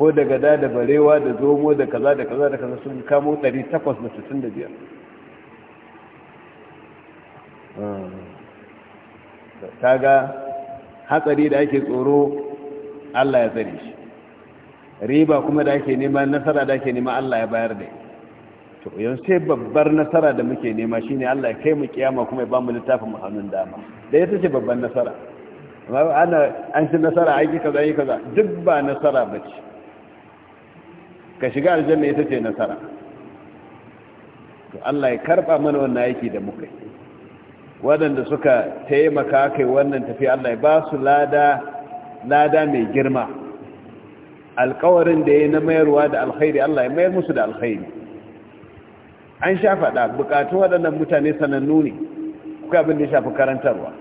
ko da gada da barewa da zomo da kaza da kaza da kaza sun kamo 865 ta ga hatsari da ake tsoro allah ya tsare shi riba kuma da ake nema nasara da ake nema allah ya bayar da to yanzu sai babbar nasara da muke nema shine allah ya kai mu kiyama kuma ya ba mu littafin hannun dama da ya ce babbar nasara ana an ci nasara aiki kaza yi kaza duk ba nasara ba ce ka shiga aljanna ita ce nasara to Allah ya karba mana wannan aiki da muka yi waɗanda suka taimaka kai wannan tafi Allah ya ba su lada lada mai girma alkawarin da ya na mayarwa da alkhairi Allah ya mayar musu da alkhairi an sha faɗa bukatun waɗannan mutane sanannu ne kuka abin da ya shafi karantarwa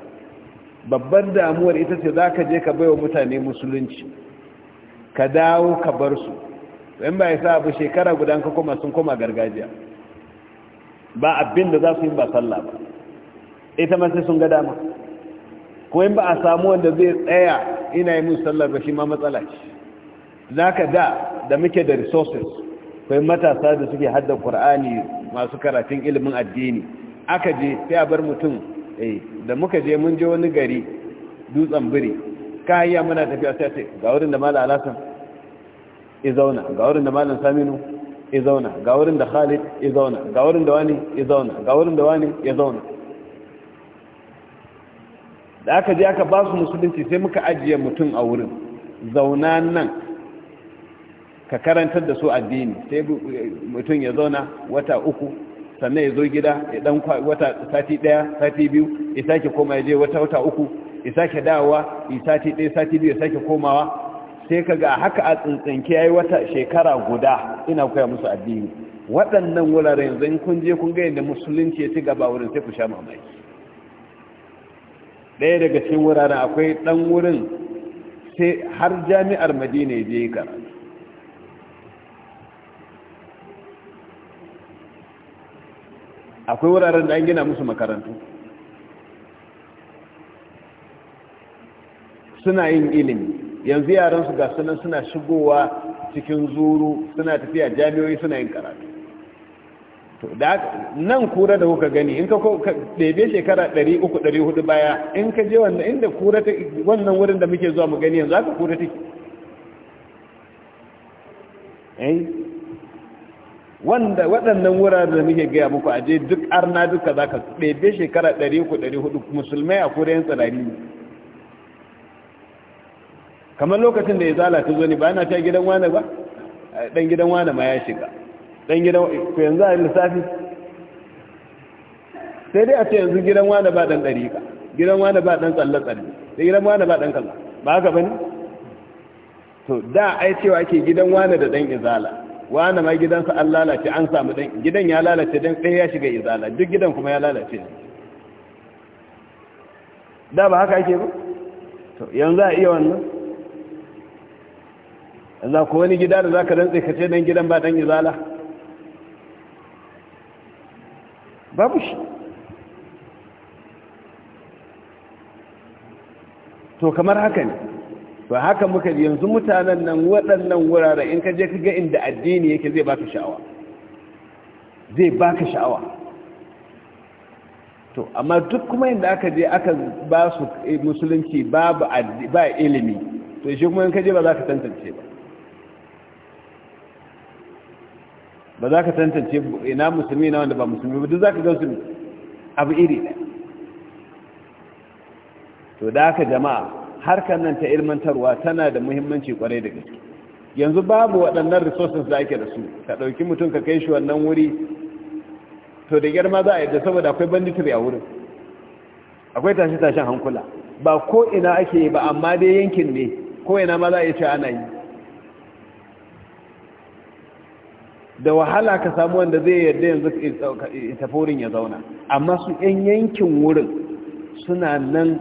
babbar damuwar ita ce za ka je ka bai wa mutane musulunci ka dawo ka bar su in ba ya sa abu shekara guda ka koma sun koma gargajiya ba abin da za su yi ba sallah ba ita masu sun ga dama ko in ba a samu wanda zai tsaya ina yi musu sallar ba shi ma matsala ce za ka da da muke da resources kai matasa da suke hadda qur'ani masu karatun ilimin addini aka je sai a bar mutum eh, da muka je mun je wani gari dutsen biri ka hayya muna tafiya sai ce ga wurin da mala alasan izauna zauna ga wurin da malam saminu izauna zauna ga wurin da khalid izauna zauna ga wurin da wani izauna zauna ga wurin da wani ya zauna da aka je aka basu musulunci sai muka ajiye mutum a wurin zauna nan ka karantar da su addini sai eh, mutum ya zauna wata uku sannan ya zo gida ya dan wata sati daya sati biyu ya sake koma ya je wata wata uku ya sake dawowa ya sati daya sati biyu ya sake komawa sai ka ga haka a tsintsinki ya yi wata shekara guda ina koya musu addini waɗannan wurare yanzu in kun je kun ga yadda musulunci ya ci gaba wurin sai ku sha mamaki ɗaya daga cikin wuraren akwai ɗan wurin sai har jami'ar madina ya je yi karatu akwai wuraren da an gina musu makarantu suna yin ilimi yanzu yaran su ga sunan suna shigowa cikin zuru suna tafiya jami'oi suna yin karatu to da nan kura da kuka gani in ka ɗebe shekara 300-400 baya in ka je wannan inda kura ta wannan wurin da muke zuwa mu gani yanzu aka kura take eh wanda waɗannan wuraren da muke gaya muku aje duk arna duka zaka ɗebe shekara 300-400 musulmai a kura yan tsirari ne kamar lokacin da ya zala ta zo ne ba na ta gidan wane ba dan gidan wane ma ya shiga dan gidan ku yanzu a lissafi sai dai a ce yanzu gidan wane ba dan dariƙa gidan wane ba dan tsalle tsalle da gidan wane ba dan kalla. ba haka bane to da ai cewa ake gidan wane da dan izala wane ma gidansa an lalace an samu dan gidan ya lalace dan sai ya shiga izala duk gidan kuma ya lalace da ba haka ake ba to yanzu a iya wannan yanzu ko wani gida da za ka rantse ka ce nan gidan ba dan izala babu shi to kamar haka ne ba haka muka yanzu mutanen nan waɗannan wurare in ka je ka ga inda addini yake zai baka sha'awa zai baka sha'awa to amma duk kuma inda aka je aka ba su musulunci ba ba ilimi to shi kuma in ka je ba za ka tantance ba ba za ka tantance ina musulmi na wanda ba musulmi ba duk za ka gausu abu iri ɗaya to da haka jama'a harkar nan ta ilmantarwa tana da muhimmanci kwarai da gaske yanzu babu waɗannan resources da ake da su ka ɗauki mutum ka kai shi wannan wuri to da girma za a yadda saboda akwai banditiri a wurin akwai tashi-tashin hankula ba ko ina ake yi ba amma dai yankin ne ko ina ma za a yi ce ana yi da wahala ka samu wanda zai yarda yanzu taforin ya zauna amma su yan yankin wurin suna nan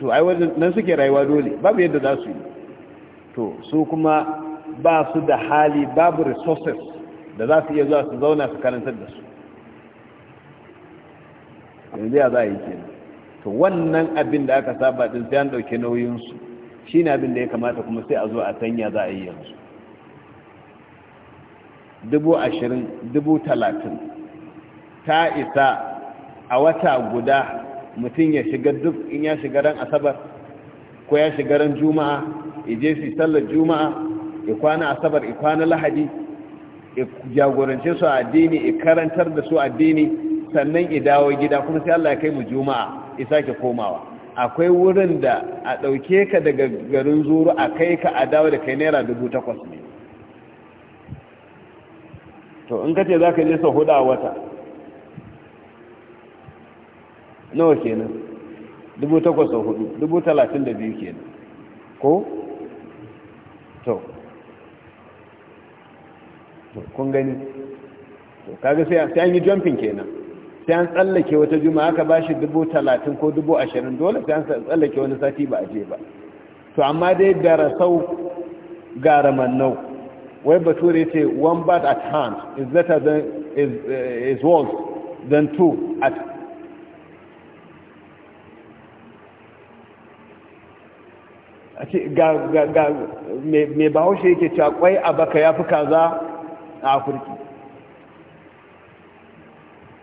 to ai nan suke rayuwa dole babu yadda za su yi to su kuma ba su da hali babu resources da za su iya zuwa su zauna su karantar da su yanzu ya za a yi kenan to wannan abin da aka saba din sai an ɗauki nauyinsu shi ne abin da ya kamata kuma sai a zo a sanya za a yi yanzu dubu ashirin dubu talatin ta isa a wata guda mutum ya shiga duk in ya shiga ran asabar ko ya shiga ran juma'a ya su sallar juma'a ya asabar ya kwana lahadi ya jagorance su addini ya da su addini sannan ya dawo gida kuma sai Allah ya kai mu juma'a ya sake komawa akwai wurin da a ɗauke ka daga garin zuru a kai ka a dawo da kai naira dubu takwas ne to in ka ce za ka je sau hudu a wata nawa kenan dubu takwas hudu dubu talatin da biyu kenan ko to kun gani to kaga sai an yi jumping kenan sai an tsallake wata juma'a aka ba shi dubu talatin ko dubu ashirin dole sai an tsallake wani sati ba a je ba to amma dai gara mannau where maturity one bird at hand is better than is uh, is worse than two at ga ga ga me bahaushe yake cewa kwai a baka ya kaza a afirki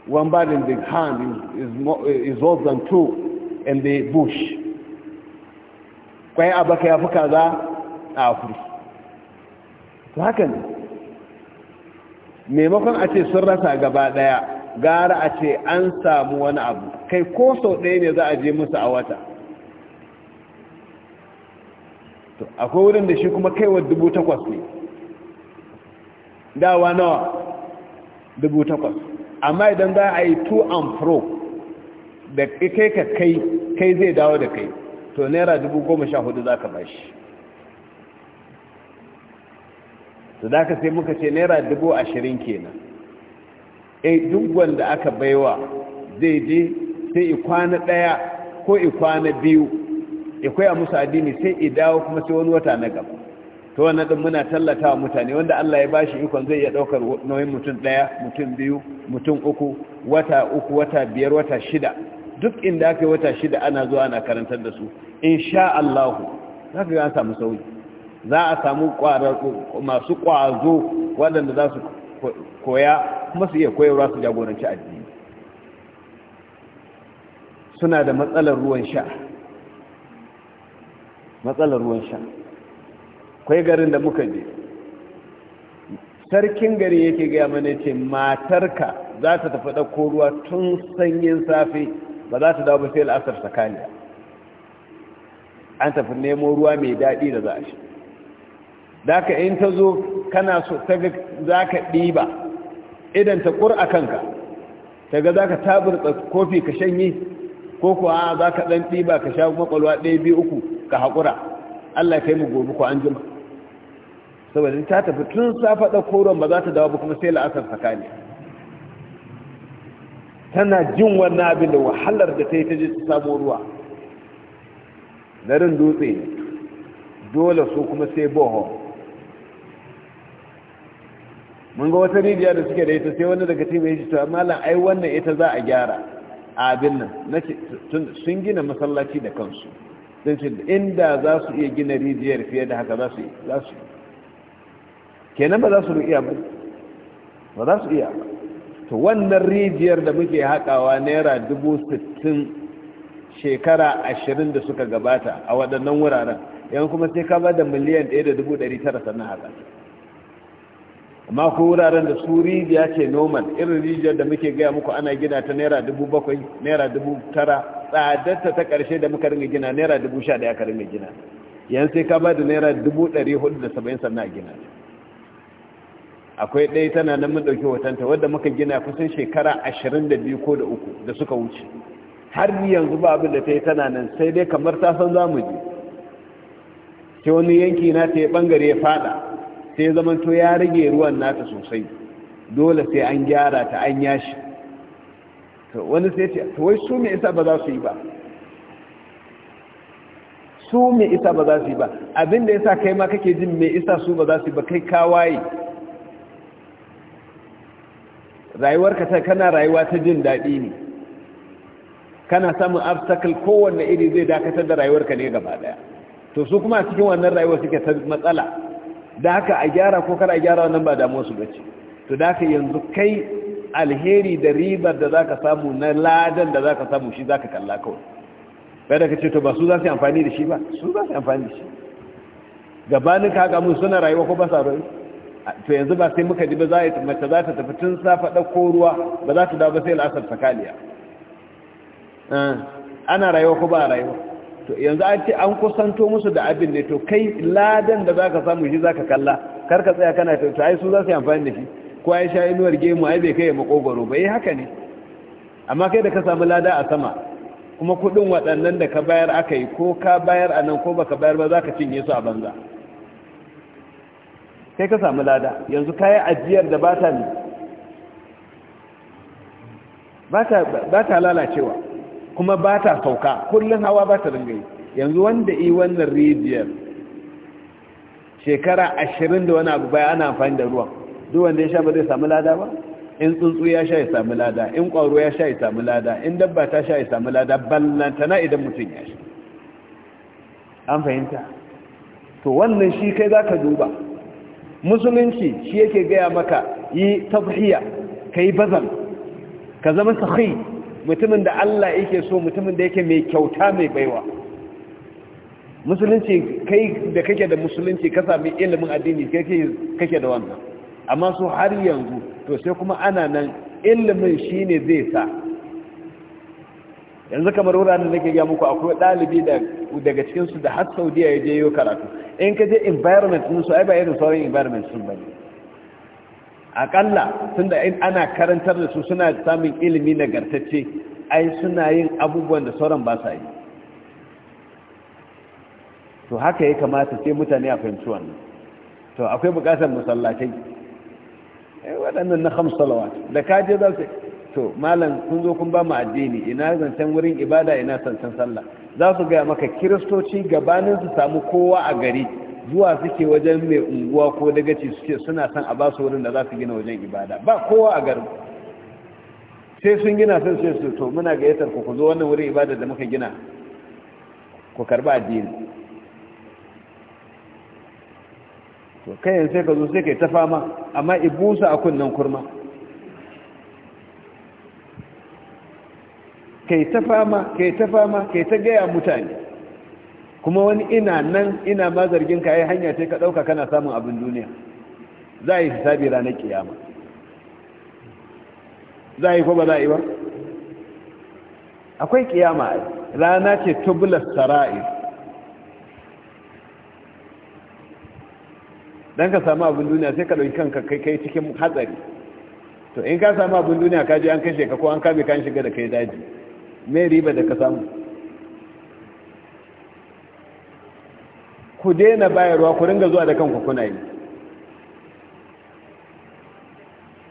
one bird in the hand is, is, more, is worse than two in the bush kwai a baka ya kaza a afirki haka ne maimakon a ce sun rasa gaba daya gara a ce an samu wani abu kai ko sau ɗaya ne za a je musu a wata akwai wurin da shi kuma kaiwa dubu takwas ne dawa nawa dubu takwas amma idan za a yi to and fro da kai ka kai kai zai dawo da kai to naira dubu goma sha hudu za ka bashi su da sai muka ce naira dubu ashirin kenan e duk wanda aka baiwa zai je sai ikwana ɗaya ko ikwana biyu ikwai a musu addini sai idawo kuma sai wani wata na gaba to wani ɗin muna tallata wa mutane wanda Allah ya bashi ikon zai iya ɗaukar nauyin mutum ɗaya, mutum biyu mutum uku wata uku wata biyar wata shida duk inda aka yi wata shida ana zuwa ana karantar da su inshaAllahu. Za ka ga an samu sauyi za a samu masu ƙwazo waɗanda za su koya kuma su iya koyarwa su jagoranci addini suna da matsalar ruwan sha matsalar ruwan sha kwai garin da muka je sarkin gari yake gaya mana ce matarka za ta tafi ɗauko ruwa tun sanyin safe ba za ta dawo ba sai al'asar sakaliya an tafi nemo ruwa mai daɗi da za a shi da in ta zo kana so ta ga za ka ɗiba idan ta ƙura kanka ta ga za ka taburta kofi ka shanyi ko kuwa za ka ɗan ɗiba ka sha makwalwa ɗaya biyu uku ka haƙura allah ka yi mu gobe ko an jima saboda ta tafi tun safa ɗan koron ba za ta dawo ba kuma sai la'asar tsakani tana jin wannan abin da wahalar da ta yi ta je ta samu ruwa garin dutse dole su kuma sai bohol mun ga wata rijiya da suke da ita sai wani daga cikin yake to malam ai wannan ita za a gyara a abin nan nace sun gina masallaci da kansu sun ce inda za su iya gina rijiyar fiye da haka za su za su kenan ba za su iya ba ba za su iya to wannan rijiyar da muke haƙawa naira dubu sittin shekara ashirin da suka gabata a waɗannan wuraren yan kuma sai ka ba da miliyan ɗaya da dubu ɗari tara sannan haka amma ko wuraren da su rijiya ce normal irin rijiyar da muke gaya muku ana gina ta naira dubu bakwai naira dubu tara tsadarta ta ƙarshe da muka ringa gina naira dubu sha ɗaya ka ringa gina yan sai ka ba da naira dubu ɗari hudu da saba'in sannan a gina akwai ɗaya tana nan mun ɗauki hotonta wadda muka gina kusan shekara ashirin da biyu ko da uku da suka wuce har yanzu ba abin da ta yi tana nan sai dai kamar ta san za mu je sai wani yanki na ta yi ɓangare ya faɗa sai to ya rage ruwan nata sosai dole sai an gyara ta an yashi to wani sai ce to wai su me isa ba za su yi ba su me isa ba za su yi ba abinda yasa kai ma kake jin me isa su ba za su yi ba kai kawaye rayuwarka ta kana rayuwa ta jin daɗi ne kana samun obstacle kowanne iri zai dakatar da rayuwarka ne gaba daya to su kuma cikin wannan rayuwar suke ta matsala da haka a gyara ko kar a gyara wannan ba damuwa su bace to da haka yanzu kai alheri da ribar da zaka samu na ladan da zaka samu shi zaka kalla kawai sai da kace to ba su za su amfani da shi ba su za su amfani da shi gabanin ka ga mun suna rayuwa ko ba sa rayu to yanzu ba sai muka ji ba za ta mace za ta tafi tun safa ko ruwa ba za ta dawo ba sai al'asar sakaliya eh, ana rayuwa ko ba rayuwa to yanzu an ce an kusanto musu da abin ne to kai ladan da zaka samu shi zaka kalla kar ka tsaya kana to ai su za su yi amfani da shi ko ai sha inuwar gemu ai bai kai makogoro ba yi eh haka ne amma kai da ka samu lada a sama kuma kudin waɗannan da ka bayar aka yi ko ka bayar a nan ko baka bayar ba za ka cinye su a banza kai ka samu lada yanzu ka yi ajiyar da ba ta lalacewa kuma ba ta sauka kullum hawa ba ta ringa yi yanzu wanda yi wannan rijiyar shekara ashirin da wani abu baya ana amfani da ruwan duk wanda ya sha ba zai samu lada ba in tsuntsu ya sha ya samu lada in ƙwaro ya sha ya samu lada in dabba ta sha ya samu lada ballantana idan mutum ya sha an fahimta to wannan shi kai za ka duba musulunci shi yake gaya maka yi tafiya ka yi bazan ka zama sahi mutumin da Allah yake so mutumin da yake mai kyauta mai baiwa musulunci kai da kake da musulunci ka sami ilimin addini kake kake da wannan amma su har yanzu to sai kuma ana nan ilimin shine zai sa yanzu kamar wuraren da ke gaya muku akwai ɗalibi daga cikinsu da har saudiya ya je yi karatu in ka je environment sun su ai ba irin sauran environment sun bane akalla tunda in ana karantar da su suna samun ilimi gartacce, ai suna yin abubuwan da sauran ba sa yi to haka ya kamata sai mutane a fahimci wannan to akwai bukatar musallatai eh waɗannan na khams salawat da je za su to malam kun zo kun ba mu addini ina zancen wurin ibada ina zancen sallah za su gaya maka kiristoci gabanin su samu kowa a gari zuwa suke wajen mai unguwa ko daga ci suke suna son a basu wurin da za su gina wajen ibada ba kowa a garin sai sun gina sun sai su to muna gayyatar ku zo wannan wurin ibada da muka gina ku karba addini to kai sai ka zo sai kai ta fama amma ibusa a kunnan kurma kai ta fama kai ta fama kai ta gaya mutane kuma wani ina nan ina ma zargin ka yi hanya ce ka ɗauka kana samun abin duniya za a yi hisabi ranar kiyama za a yi ko ba za a yi ba akwai kiyama rana ce tubular sara'i Dan ka samu abin duniya sai ka ɗauki kanka kai kai cikin hatsari to in ka samu abin duniya ka ji an kashe ka ko an kame kan shiga da kai daji mai riba da ka samu ku daina bayarwa ku ringa zuwa da kanku kuna yi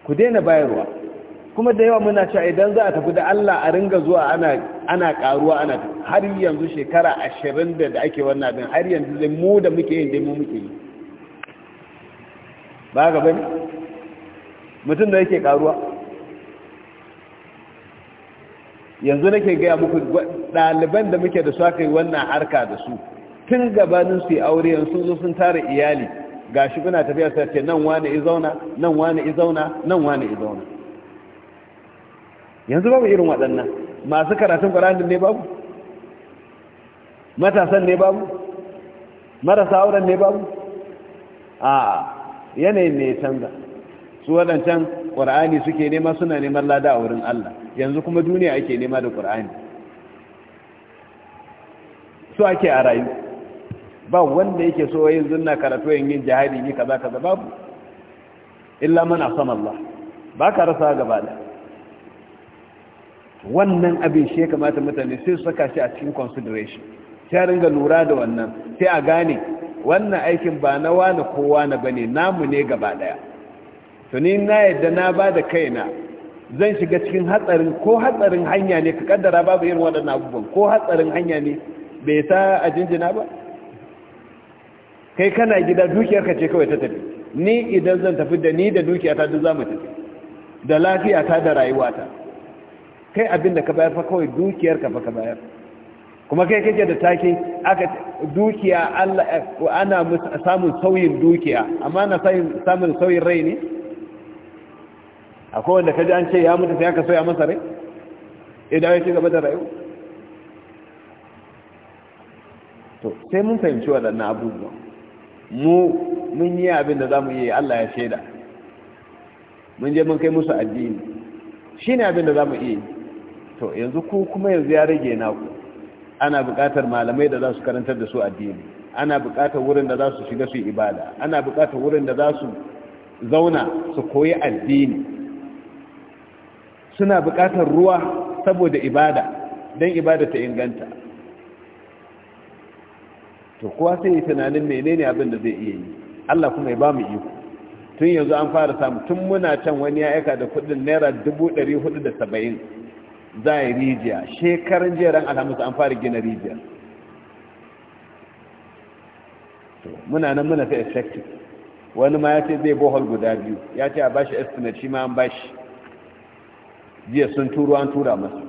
ku daina bayarwa kuma da yawa muna cewa idan za a tafi da Allah a ringa zuwa ana ana karuwa ana har yanzu shekara 20 da ake wannan din har yanzu zai mu da muke yin dai mu muke yi ba ga bane mutum da yake karuwa yanzu nake ga muku ɗaliban da muke da su aka yi wannan harka da su tun gabanin su aure sun zo sun tara iyali gashi kuna tafiya sai ce nan wani i zauna nan wani i zauna nan wani i zauna yanzu babu irin waɗannan masu karatun ƙwararrun ne babu matasan ne babu marasa auren ne babu a yanayin ne canza su waɗancan ƙwararri suke nema suna neman lada a wurin Allah yanzu kuma duniya ake nema da ƙwararri su ake a rayu ba wanda yake so yin zunna karatu yin yin jihadi ne kaza kaza babu illa man asama Allah ba ka rasa gaba da wannan abin shi ya kamata mutane sai su saka shi a cikin consideration sai ringa lura da wannan sai a gane wannan aikin ba na wani kowa na bane namu ne gaba daya to ni na yadda na ba da kaina zan shiga cikin hatsarin ko hatsarin hanya ne ka kaddara babu irin waɗannan abubuwan ko hatsarin hanya ne bai sa a jinjina ba kai kana gida dukiyarka ce kawai ta tafi ni idan zan tafi da ni da dukiyata duk za mu tafi da lafiyata da rayuwata kai abin da ka bayar fa kawai dukiyarka fa ka bayar kuma kai kake da take aka dukiya Allah eh, ana samun sauyin dukiya amma na samun sauyin rai ne akwai wanda kaji an ce ya mutu sai aka soya masa rai idan ya ci gaba da rayu to sai mun fahimci waɗannan abubuwan mu mun yi abin da za mu yi Allah ya shaida mun je mun kai musu addini shi ne abin da za mu iya to yanzu ku kuma yanzu ya rage naku ana buƙatar malamai da za su karantar da su addini ana buƙatar wurin da za su shiga su ibada ana buƙatar wurin da za su zauna su koyi addini suna buƙatar ruwa saboda ibada don ibada ta inganta to kowa sai yi tunanin menene abin da zai iya yi Allah kuma ya ba mu iko tun yanzu an fara samu tun muna can wani ya aika da kudin naira dubu ɗari da saba'in za a yi rijiya shekarun jeren alhamis an fara gina rijiya To muna nan muna ta effective wani ma ya ce zai bohol guda biyu ya ce a bashi estimate shi ma an bashi jiya sun turo an tura masu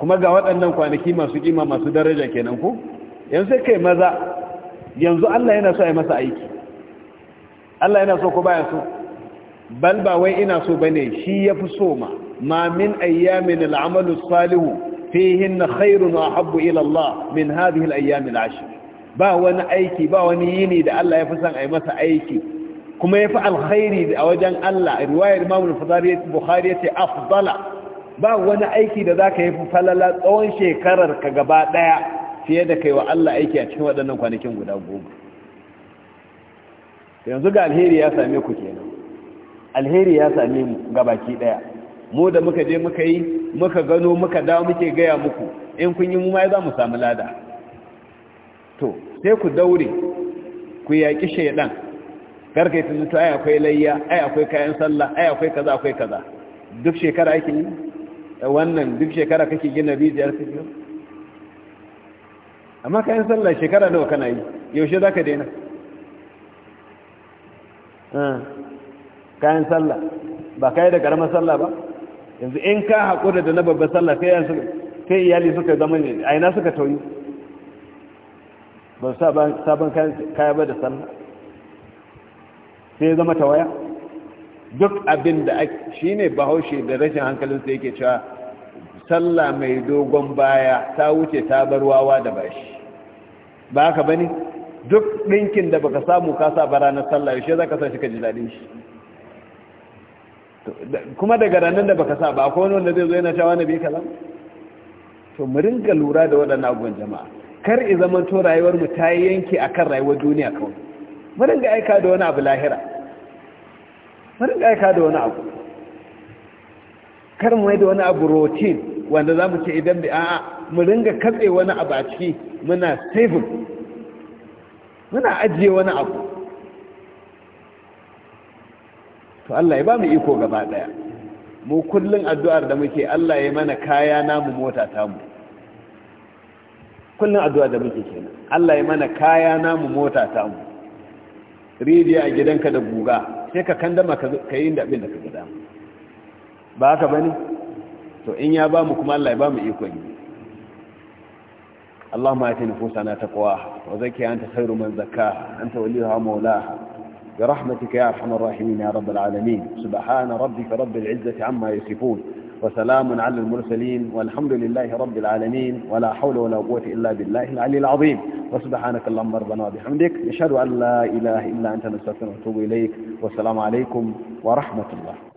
kuma ga waɗannan kwanaki masu kima masu daraja kenan ku yanzu sai kai maza yanzu Allah yana so ya masa aiki Allah yana so ko baya so bal ba wai ina so bane shi yafi so ma ma min ayyamin al'amalu salihu fihinna khairun wa habbu ila Allah min hadhihi al-ayyam ba wani aiki ba wani yini da Allah yafi son ai masa aiki kuma yafi alkhairi a wajen Allah riwayar Imam al-Bukhari Bukhari yace afdala ba wani aiki da zaka yi falala tsawon shekarar ka gaba daya fiye da kai wa Allah aiki a cikin waɗannan kwanakin guda goma yanzu ga alheri ya same ku kenan alheri ya same mu ga baki ɗaya mu da muka je muka yi muka gano muka dawo muke gaya muku in kun yi mu ma za mu samu lada to sai ku daure ku yaƙi shaidan karkai tun to ai akwai layya ai akwai kayan sallah ai akwai kaza akwai kaza duk shekara ake yi wannan duk shekara kake gina rijiyar kake amma kayan sallah shekara nawa kana yi yaushe za ka daina kayan sallah ba ka yi da ƙaramar sallah ba yanzu in ka haƙura da na babban sallah sai iyali suka zama ne a ina suka tauyi ba sabon kaya ba da sallah sai zama tawaya duk abin da shi ne bahaushe da rashin hankalinsa yake cewa sallah mai dogon baya ta wuce ta bar wawa da bashi ba haka bane duk ɗinkin da baka samu ka sa bara na sallah yaushe za ka sa shi ka ji daɗin shi kuma daga ranar da baka sa ba akwai wani wanda zai zo yana cewa nabi kalam to mu ringa lura da waɗannan abubuwan jama'a kar i zaman to rayuwar mu ta yanke akan rayuwar duniya kawai mu ringa aika da wani abu lahira mu ringa aika da wani abu kar mu da wani abu routine wanda za mu ce idan bi a'a mu ringa katse wani abu a ciki muna saving muna ajiye wani abu to Allah ya ba mu iko gaba daya mu kullun addu'ar da muke Allah ya mana kaya namu mota mu kullun addu'a da muke kenan Allah ya mana kaya namu mota mu rijiya a gidanka da guga sai ka kandama ka yi inda abin da ka gida ba haka bane to in ya bamu kuma Allah ya bamu ikon yi اللهم آت نفوسنا تقواها وزكها أنت خير من زكاها أنت وليها مولاها برحمتك يا أرحم الراحمين يا رب العالمين سبحان ربك رب العزة عما يصفون وسلام على المرسلين والحمد لله رب العالمين ولا حول ولا قوة إلا بالله العلي العظيم وسبحانك اللهم ربنا وبحمدك نشهد أن لا إله إلا أنت نستغفرك ونتوب إليك والسلام عليكم ورحمة الله